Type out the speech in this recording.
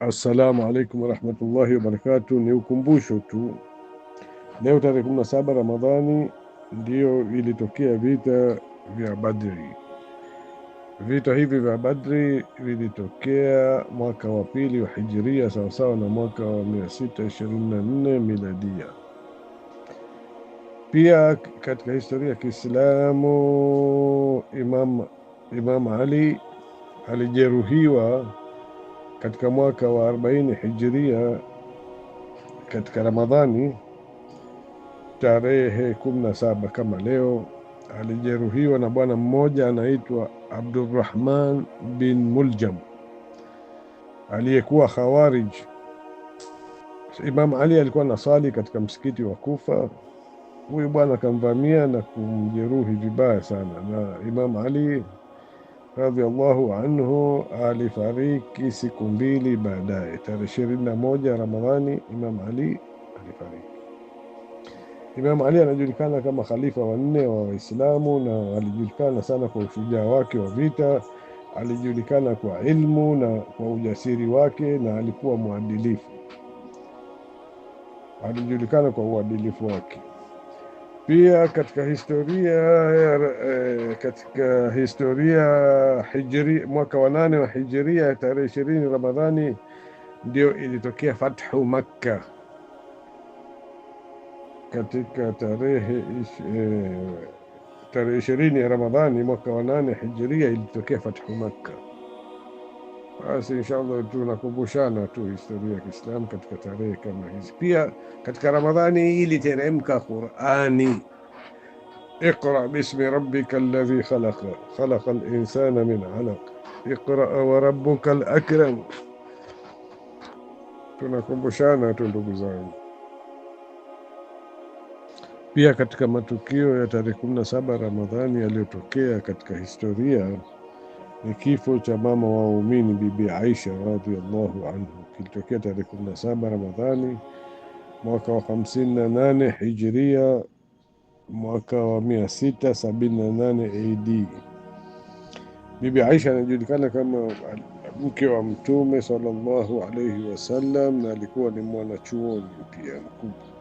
Assalamu alaikum warahmatullahi wabarakatu. Ni ukumbusho tu, leo tarehe 17 Ramadhani ndiyo ilitokea vita vya Badri. Vita hivi vya Badri vilitokea mwaka wa pili wa Hijiria, sawasawa na mwaka wa 624 Miladia. Pia katika historia ya Kiislamu, Imam Imam Ali alijeruhiwa katika mwaka wa 40 hijiria katika Ramadhani tarehe 17 kama leo, alijeruhiwa na bwana mmoja anaitwa Abdurrahman bin Muljam aliyekuwa Khawarij. Imam Ali alikuwa nasali katika msikiti wa Kufa. Huyu bwana akamvamia na kumjeruhi vibaya sana, na Imam Ali radhiallahu anhu alifariki siku mbili baadaye, tarehe ishirini na moja Ramadhani. Imam Ali alifariki. Imam Ali anajulikana kama khalifa wanne wa Waislamu na alijulikana sana kwa ushujaa wake wa vita. Alijulikana kwa ilmu na kwa ujasiri wake, na alikuwa mwadilifu. Alijulikana kwa uadilifu wake pia katika historia ya eh, katika historia hijri, mwaka wa nane wa hijiria tarehe ishirini Ramadhani ndio ilitokea fathu Makka katika tarehe eh, tarehe ishirini ya Ramadhani mwaka wa nane hijiria ilitokea fathu Makka. Basi insha Allah tunakumbushana tu historia ya Kiislamu katika tarehe kama hizi. Pia katika Ramadhani iliteremka Qurani. اقرأ باسم ربك الذي خلق خلق الإنسان من علق اقرأ وربك الأكرم tunakumbushana tu ndugu zangu pia katika matukio ya tarehe 17 Ramadhani yaliyotokea katika historia ni kifo cha mama wa waumini Bibi Aisha radhiallahu anhu kilitokea tarehe 17 Ramadhani mwaka wa 58 Hijiria mwaka wa 678 AD. Bibi Aisha anajulikana kama mke wa Mtume sallallahu alaihi wasallam na alikuwa ni mwanachuoni pia mkubwa.